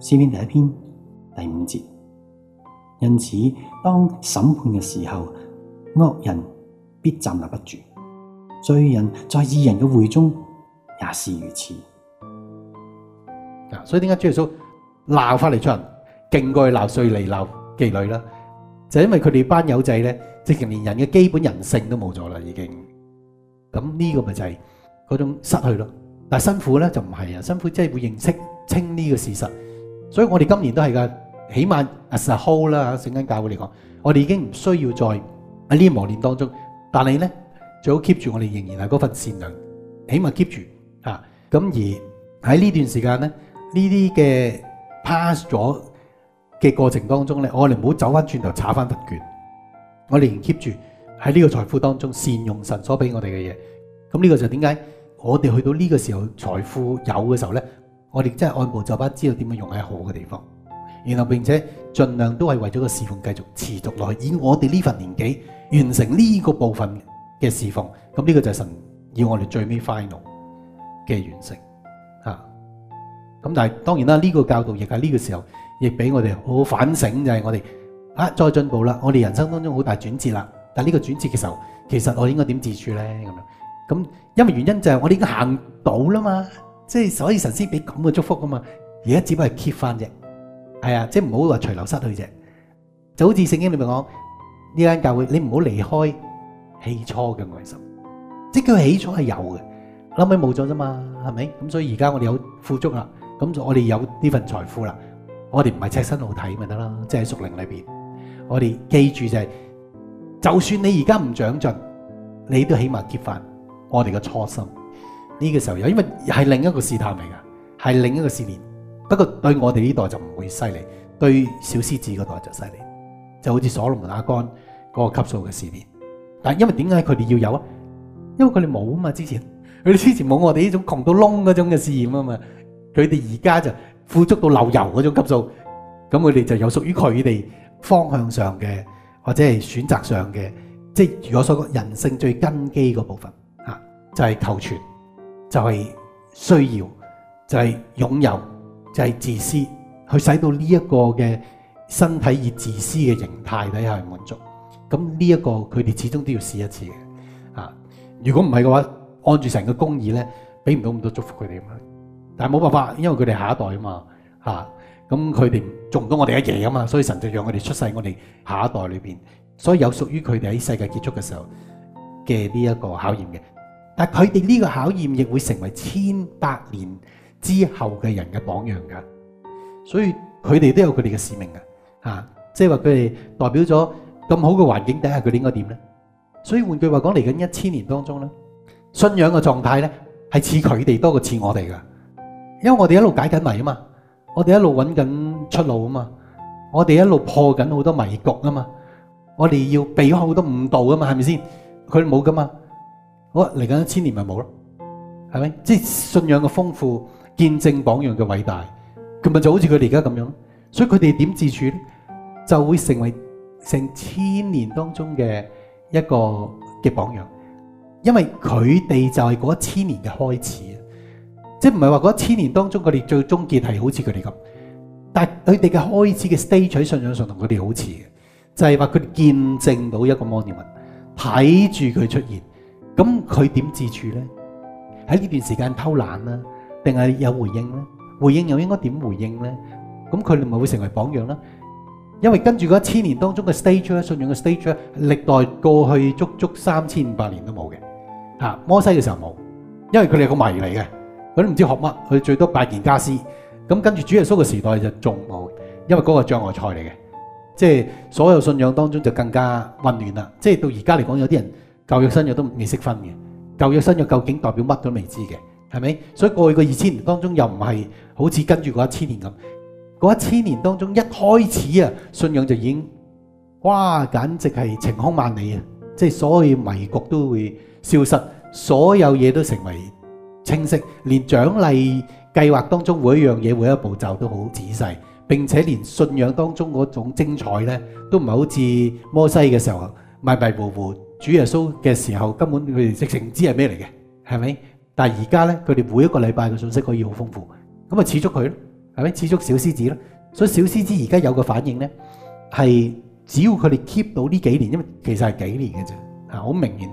詩篇第一篇第五節，因此當審判嘅時候，惡人必站立不住；罪人在義人嘅會中也是如此。嗱、啊，所以點解主耶穌鬧法利賽人，勁過去鬧稅吏鬧妓女啦？就是、因為佢哋班友仔咧，直情連人嘅基本人性都冇咗啦，已經。咁呢個咪就係嗰種失去咯。但係辛苦咧就唔係啊，辛苦即係會認識清呢個事實。所以我哋今年都係噶，起碼 as a whole 啦嚇，整間教會嚟講，我哋已經唔需要再喺呢啲磨練當中，但係咧最好 keep 住我哋仍然係嗰份善良，起碼 keep 住嚇。咁、啊、而喺呢段時間咧，呢啲嘅 pass 咗嘅過程當中咧，我哋唔好走翻轉頭，查翻不倦。我哋仍然 keep 住喺呢個財富當中，善用神所俾我哋嘅嘢。咁、啊、呢、呢個就點解我哋去到呢個時候財富有嘅時候咧？我哋真係按部就班，知道點樣用喺好嘅地方，然後並且盡量都係為咗個事奉繼續持續落去。以我哋呢份年紀完成呢個部分嘅事奉，咁呢個就係神要我哋最尾 final 嘅完成啊！咁但係當然啦，呢個教導亦係呢個時候，亦俾我哋好好反省，就係我哋啊再進步啦，我哋人生當中好大轉折啦。但係呢個轉折嘅時候，其實我應該點自處咧？咁樣咁，因為原因就係我哋已經行到啦嘛。即係所以神師俾咁嘅祝福噶嘛，而家只不過係 keep 返啫，係啊，即係唔好話隨流失去啫。就好似聖經裏面講呢間教會，你唔好離開起初嘅愛心，即係佢起初係有嘅，後尾冇咗啫嘛，係咪？咁所以而家我哋有富足啦，咁就我哋有呢份財富啦，我哋唔係赤身露體咪得啦，即係熟齡裏邊，我哋記住就係，就算你而家唔長進，你都起碼 keep 返我哋嘅初心。呢個時候有，因為係另一個試探嚟㗎，係另一個試驗。不過對我哋呢代就唔會犀利，對小獅子嗰代就犀利。就好似所羅門亞干嗰個級數嘅試驗。但係因為點解佢哋要有啊？因為佢哋冇啊嘛，之前佢哋之前冇我哋呢種窮到窿嗰種嘅試驗啊嘛。佢哋而家就富足到流油嗰種級數，咁佢哋就有屬於佢哋方向上嘅或者係選擇上嘅，即係如果所講人性最根基嗰部分嚇，就係、是、求存。就係需要，就係擁有，就係自私，去使到呢一個嘅身體以自私嘅形態底下去滿足。咁呢一個佢哋始終都要試一次嘅。啊，如果唔係嘅話，按住成個公義咧，俾唔到咁多祝福佢哋。但係冇辦法，因為佢哋下一代啊嘛，嚇，咁佢哋做唔到我哋阿爺啊嘛，所以神就讓佢哋出世，我哋下一代裏邊，所以有屬於佢哋喺世界結束嘅時候嘅呢一個考驗嘅。但佢哋呢個考驗亦會成為千百年之後嘅人嘅榜樣噶，所以佢哋都有佢哋嘅使命噶，啊，即係話佢哋代表咗咁好嘅環境底下，佢哋應該點咧？所以換句話講，嚟緊一千年當中咧，信仰嘅狀態咧，係似佢哋多過似我哋噶，因為我哋一路解緊謎啊嘛，我哋一路揾緊出路啊嘛，我哋一路破緊好多迷局啊嘛，我哋要避開好多誤導啊嘛，係咪先？佢冇噶嘛。好嚟緊一千年咪冇咯，係咪？即係信仰嘅豐富、見證榜樣嘅偉大，佢咪就好似佢哋而家咁樣。所以佢哋點自處咧，就會成為成千年當中嘅一個嘅榜樣。因為佢哋就係嗰一千年嘅開始，即係唔係話嗰一千年當中佢哋最終結係好似佢哋咁，但係佢哋嘅開始嘅 stage 喺信仰上同佢哋好似嘅，就係話佢哋見證到一個 monument，睇住佢出現。咁佢點自處呢？喺呢段時間偷懶啦、啊，定係有回應呢、啊？回應又應該點回應呢？咁佢咪會成為榜樣啦、啊？因為跟住嗰千年當中嘅 stage 咧，信仰嘅 stage 咧，歷代過去足足三千五百年都冇嘅。嚇，摩西嘅時候冇，因為佢哋係個迷嚟嘅，佢都唔知學乜，佢最多拜件家私。咁跟住主耶穌嘅時代就仲冇，因為嗰個障礙賽嚟嘅，即係所有信仰當中就更加混亂啦。即係到而家嚟講，有啲人。舊約新約都未識分嘅，舊約新約究竟代表乜都未知嘅，係咪？所以過去嘅二千年當中又唔係好似跟住嗰一千年咁，嗰一千年當中一開始啊，信仰就已經哇，簡直係晴空萬里啊！即係所有迷局都會消失，所有嘢都成為清晰，連獎勵計劃當中每一樣嘢每一步驟都好仔細，並且連信仰當中嗰種精彩呢，都唔係好似摩西嘅時候迷迷糊糊。主耶穌嘅時候，根本佢哋直情唔知係咩嚟嘅，係咪？但係而家咧，佢哋每一個禮拜嘅信息可以好豐富，咁啊，始足佢咯，係咪？始足小獅子咯，所以小獅子而家有個反應咧，係只要佢哋 keep 到呢幾年，因為其實係幾年嘅啫，啊，好明顯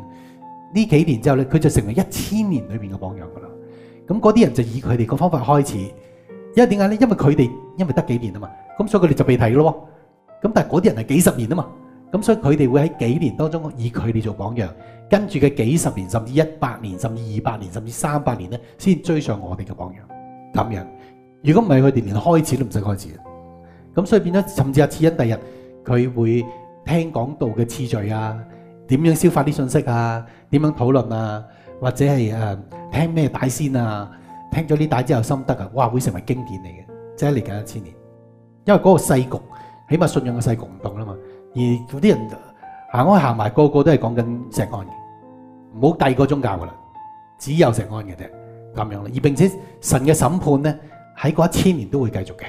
呢幾年之後咧，佢就成為一千年裏面嘅榜樣噶啦。咁嗰啲人就以佢哋個方法開始，因為點解咧？因為佢哋因為得幾年啊嘛，咁所以佢哋就被提咯，咁但係嗰啲人係幾十年啊嘛。咁所以佢哋會喺幾年當中以佢哋做榜樣，跟住嘅幾十年，年，甚至一百年，甚至二百年，甚至三百年咧，先追上我哋嘅榜樣咁樣。如果唔係，佢哋連開始都唔使開始。咁所以變咗，甚至阿次恩第日佢會聽講道嘅次序啊，點樣消化啲信息啊，點樣討論啊，或者係誒、呃、聽咩帶先啊，聽咗啲帶之後心得啊，哇會成為經典嚟嘅，即係嚟緊一千年，因為嗰個世局起碼信仰嘅世局唔動啦嘛。而嗰啲人行開行埋，個個都係講緊石安嘅，冇第二個宗教噶啦，只有石安嘅啫，咁樣啦。而並且神嘅審判咧，喺嗰一千年都會繼續嘅。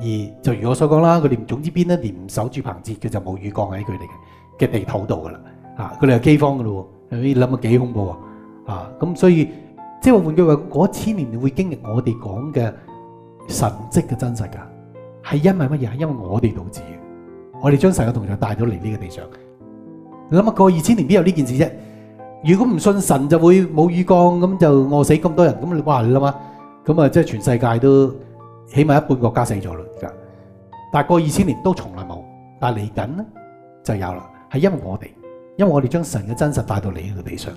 而就如我所講啦，佢哋總之邊一年守住棚節，佢就冇雨降喺佢哋嘅地土度噶啦。啊，佢哋係饑荒噶咯喎，你諗下幾恐怖啊！啊，咁所以即係換句話，嗰一千年會經歷我哋講嘅神跡嘅真實㗎，係因為乜嘢？係因為我哋導致嘅。我哋將神嘅同僚帶到嚟呢個地上，你想想，你諗下過二千年邊有呢件事啫？如果唔信神，就會冇雨降，咁就餓死咁多人。咁你我話你諗下，咁啊，即係全世界都起碼一半國家死咗啦。但係過二千年都從來冇，但係嚟緊咧就有啦。係因為我哋，因為我哋將神嘅真實帶到嚟呢個地上，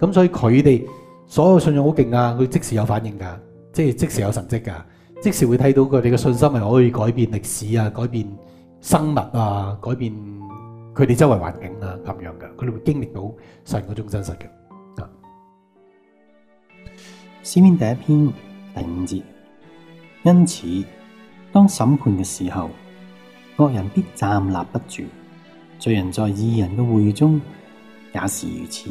咁所以佢哋所有信仰好勁啊，佢即時有反應㗎，即係即時有神跡㗎，即時會睇到佢哋嘅信心係可以改變歷史啊，改變。生物啊，改變佢哋周圍環境啊，咁樣嘅，佢哋會經歷到神嗰種真實嘅。啊，詩篇第一篇第五節，因此當審判嘅時候，惡人必站立不住；罪人在義人嘅會中也是如此。